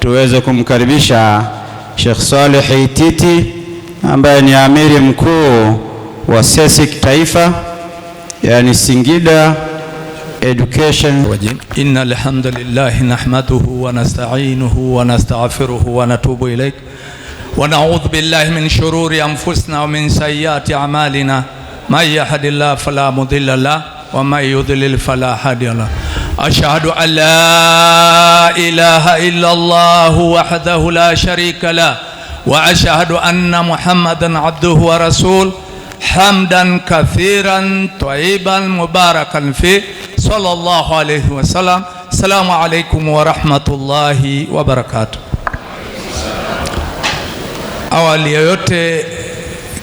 tuweze kumkaribisha Sheikh Saleh Ititi ambaye ni amiri mkuu wa SESIC Taifa, yani Singida Education. Innal hamdalillah nahmaduhu wa nasta'inuhu wa nastaghfiruhu wa natubu ilayk wa na'udhu billahi min shururi anfusina wa min sayyiati a'malina may yahdihillahu fala mudilla lahu wa may yudlil fala hadiya lahu أشهد أن لا إله إلا الله وحده لا شريك له وأشهد أن محمدا عبده ورسول حمدا كثيرا طيبا مباركا فيه صلى الله عليه وسلم السلام عليكم ورحمة الله وبركاته أولي يوتي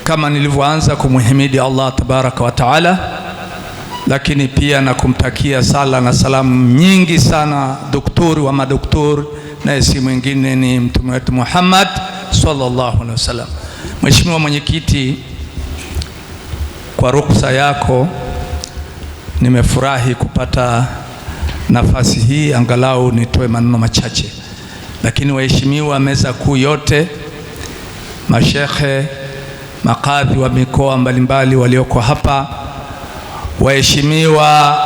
كما نلفو أنزكم الله تبارك وتعالى lakini pia na kumtakia sala na salamu nyingi sana doktori wa madoktori, naye si mwingine ni mtume wetu Muhammad sallallahu alaihi wasallam. Mheshimiwa Mwenyekiti, kwa ruksa yako nimefurahi kupata nafasi hii, angalau nitoe maneno machache. Lakini waheshimiwa, meza kuu yote, mashekhe, makadhi wa mikoa mbalimbali walioko hapa waheshimiwa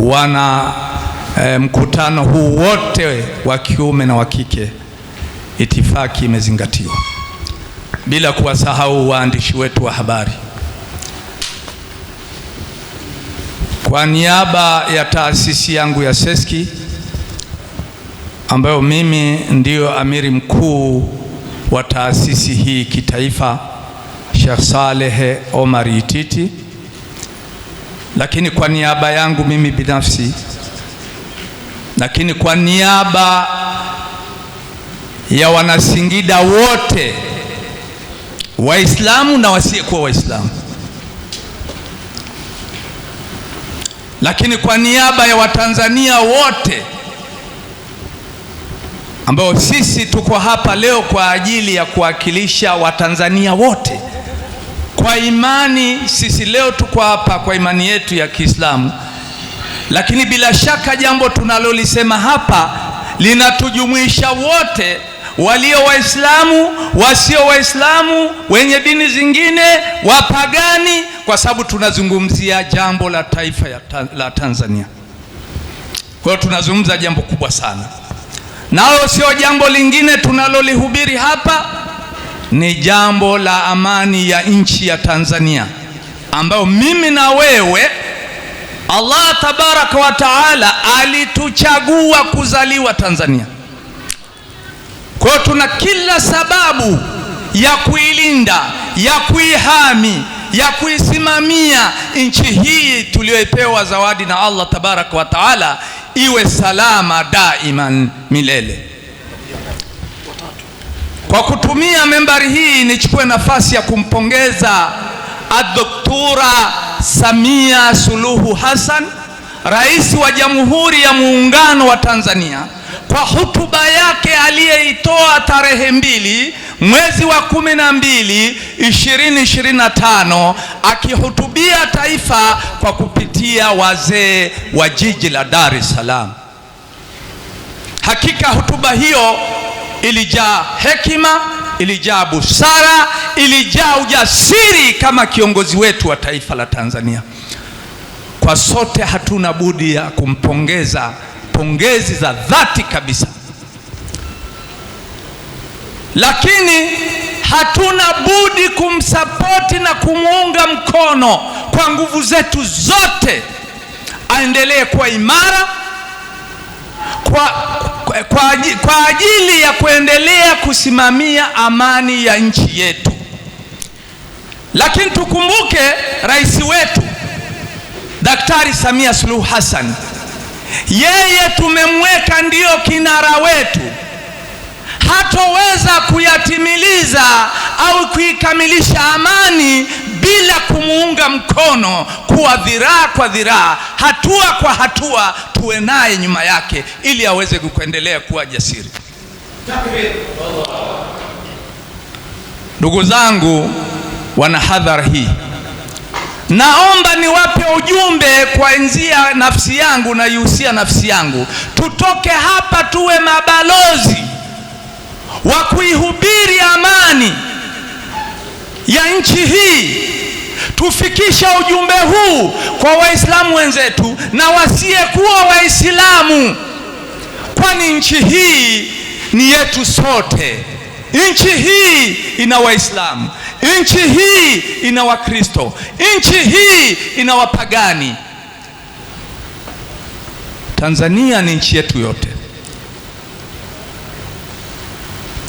wana e, mkutano huu wote wa kiume na wa kike, itifaki imezingatiwa, bila kuwasahau waandishi wetu wa habari. Kwa niaba ya taasisi yangu ya Seski ambayo mimi ndiyo amiri mkuu wa taasisi hii kitaifa, Sheikh Salehe Omar Ititi lakini kwa niaba yangu mimi binafsi, lakini kwa niaba ya Wanasingida wote Waislamu na wasiyekuwa Waislamu, lakini kwa niaba ya Watanzania wote ambao sisi tuko hapa leo kwa ajili ya kuwakilisha Watanzania wote kwa imani sisi leo tuko hapa kwa imani yetu ya Kiislamu, lakini bila shaka jambo tunalolisema hapa linatujumuisha wote walio Waislamu, wasio Waislamu, wenye dini zingine, wapagani, kwa sababu tunazungumzia jambo la taifa ya ta la Tanzania. Kwa hiyo tunazungumza jambo kubwa sana, nalo sio jambo lingine tunalolihubiri hapa ni jambo la amani ya nchi ya Tanzania ambayo mimi na wewe Allah tabaraka wa taala alituchagua kuzaliwa Tanzania. Kwa hiyo tuna kila sababu ya kuilinda, ya kuihami, ya kuisimamia nchi hii tuliyoipewa zawadi na Allah tabaraka wa taala, iwe salama daiman milele. Kwa kutumia membari hii nichukue nafasi ya kumpongeza Adoktura Samia Suluhu Hassan, Rais wa Jamhuri ya Muungano wa Tanzania kwa hutuba yake aliyeitoa tarehe mbili mwezi wa kumi na mbili ishirini akihutubia taifa kwa kupitia wazee wa jiji la Dar es Salaam. Hakika hutuba hiyo ilijaa hekima, ilijaa busara, ilijaa ujasiri kama kiongozi wetu wa taifa la Tanzania. Kwa sote hatuna budi ya kumpongeza pongezi za dhati kabisa, lakini hatuna budi kumsapoti na kumuunga mkono kwa nguvu zetu zote, aendelee kuwa imara kwa kwa ajili, kwa ajili ya kuendelea kusimamia amani ya nchi yetu. Lakini tukumbuke rais wetu Daktari Samia Suluhu Hassan, yeye tumemweka ndiyo kinara wetu. Hatoweza kuyatimiliza au kuikamilisha amani bila kumuunga mkono, kuwa dhiraa kwa dhiraa, hatua kwa hatua, tuwe naye nyuma yake ili aweze kukuendelea kuwa jasiri. Ndugu zangu hadhara hii, naomba niwape ujumbe kwa njia nafsi yangu, naihusia nafsi yangu, tutoke hapa tuwe mabalozi wa kuihubiri amani ya nchi hii tufikishe ujumbe huu kwa Waislamu wenzetu na wasiyekuwa Waislamu, kwani nchi hii ni yetu sote. Nchi hii ina Waislamu, nchi hii ina Wakristo, nchi hii ina wapagani. Tanzania ni nchi yetu yote.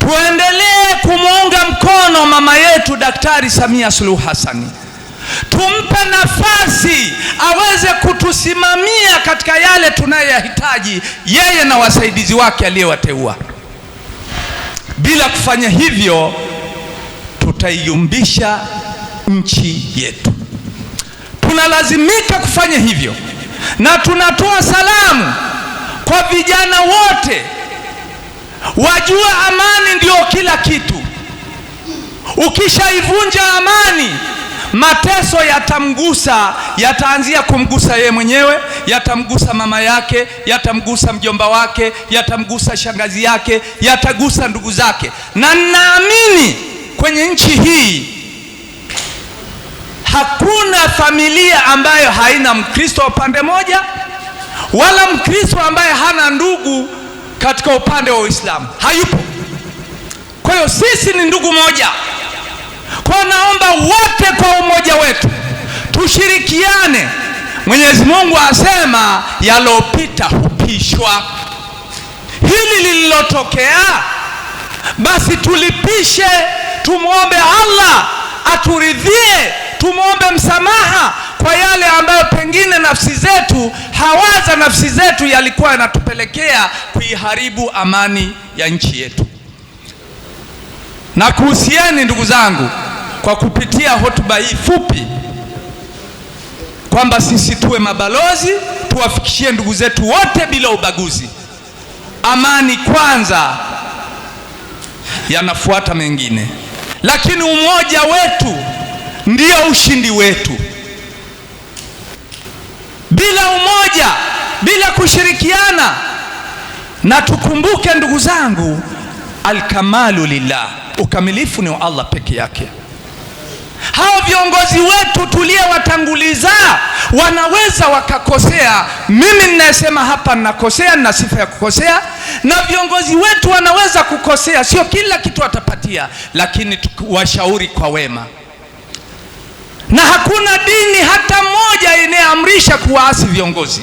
tuendelee kumuunga mkono mama yetu Daktari Samia Suluhu Hassan, tumpe nafasi aweze kutusimamia katika yale tunayoyahitaji, yeye na wasaidizi wake aliyewateua. Bila kufanya hivyo, tutaiumbisha nchi yetu. Tunalazimika kufanya hivyo, na tunatoa salamu kwa vijana wote Wajua amani ndio kila kitu. Ukishaivunja amani, mateso yatamgusa, yataanzia kumgusa yeye mwenyewe, yatamgusa mama yake, yatamgusa mjomba wake, yatamgusa shangazi yake, yatagusa ndugu zake, na ninaamini kwenye nchi hii hakuna familia ambayo haina Mkristo upande moja wala Mkristo ambaye hana ndugu katika upande wa Uislamu hayupo. Kwa hiyo sisi ni ndugu moja, kwa naomba wote kwa umoja wetu tushirikiane. Mwenyezi Mungu asema yalopita hupishwa, hili lililotokea basi tulipishe, tumwombe Allah aturidhie, tumwombe msamaha kwa yale ambayo pengine nafsi zetu hawaza nafsi zetu yalikuwa yanatupelekea kuiharibu amani ya nchi yetu. Na kuhusieni ndugu zangu, kwa kupitia hotuba hii fupi, kwamba sisi tuwe mabalozi, tuwafikishie ndugu zetu wote bila ubaguzi, amani kwanza, yanafuata mengine, lakini umoja wetu ndio ushindi wetu bila umoja, bila kushirikiana. Na tukumbuke ndugu zangu, alkamalu lillah, ukamilifu ni wa Allah peke yake. Hao viongozi wetu tuliyewatanguliza wanaweza wakakosea. Mimi ninayesema hapa ninakosea, nina sifa ya kukosea, na viongozi wetu wanaweza kukosea. Sio kila kitu watapatia, lakini washauri kwa wema na hakuna dini hata moja inayeamrisha kuwaasi viongozi.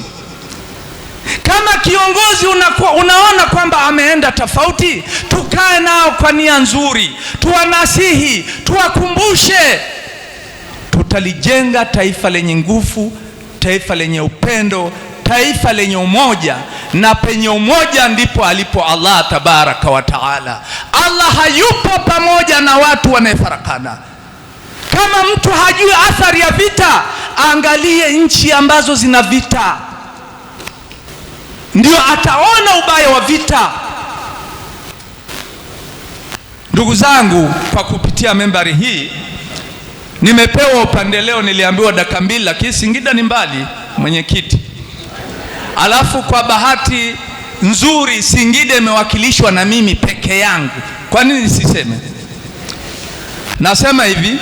Kama kiongozi unakuwa, unaona kwamba ameenda tofauti, tukae nao kwa nia nzuri, tuwanasihi, tuwakumbushe, tutalijenga taifa lenye nguvu, taifa lenye upendo, taifa lenye umoja, na penye umoja ndipo alipo Allah tabaraka wa taala. Allah hayupo pamoja na watu wanayefarakana. Kama mtu hajui athari ya vita, angalie nchi ambazo zina vita, ndio ataona ubaya wa vita. Ndugu zangu, kwa kupitia membari hii nimepewa upande leo, niliambiwa dakika mbili, lakini Singida ni mbali mwenyekiti. Alafu kwa bahati nzuri Singida imewakilishwa na mimi peke yangu. Kwa nini nisiseme? Nasema hivi.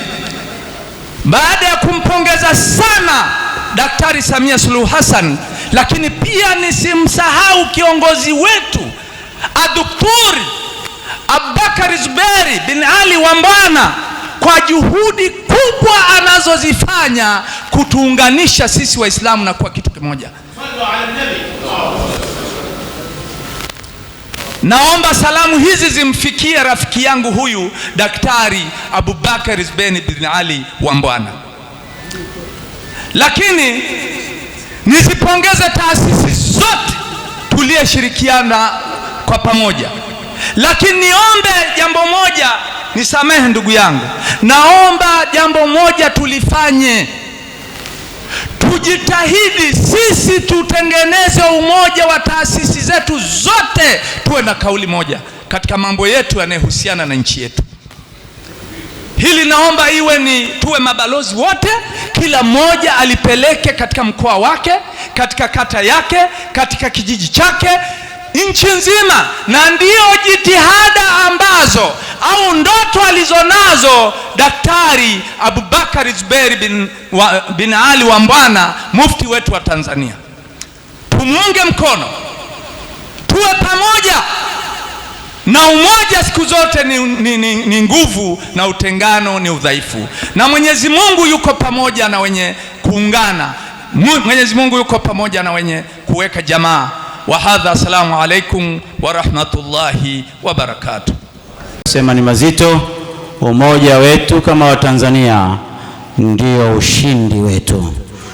Baada ya kumpongeza sana Daktari Samia Suluhu Hassan, lakini pia nisimsahau kiongozi wetu Adukturi Abubakar Zuberi bin Ali Wambwana kwa juhudi kubwa anazozifanya kutuunganisha sisi Waislamu na kuwa kitu kimoja. Naomba salamu hizi zimfikie rafiki yangu huyu Daktari Abubakar Zuberi bin Ali wa Mbwana. Lakini nizipongeze taasisi zote tuliyeshirikiana kwa pamoja, lakini niombe jambo moja, nisamehe ndugu yangu, naomba jambo moja tulifanye tujitahidi sisi tutengeneze umoja wa taasisi zetu zote, tuwe na kauli moja katika mambo yetu yanayohusiana na nchi yetu. Hili naomba iwe ni tuwe mabalozi wote, kila mmoja alipeleke katika mkoa wake, katika kata yake, katika kijiji chake, nchi nzima, na ndiyo jitihada ambazo au ndoto alizonazo Daktari Abubakar Zuberi bin, wa, bin Ali wa Mbwana, mufti wetu wa Tanzania. Tumuunge mkono, tuwe pamoja na umoja siku zote ni, ni, ni, ni nguvu na utengano ni udhaifu, na Mwenyezi Mungu yuko pamoja na wenye kuungana. Mwenyezi Mungu yuko pamoja na wenye kuweka jamaa. wa hadha assalamu alaikum warahmatullahi wabarakatuh sema ni mazito. Umoja wetu kama Watanzania ndio ushindi wetu.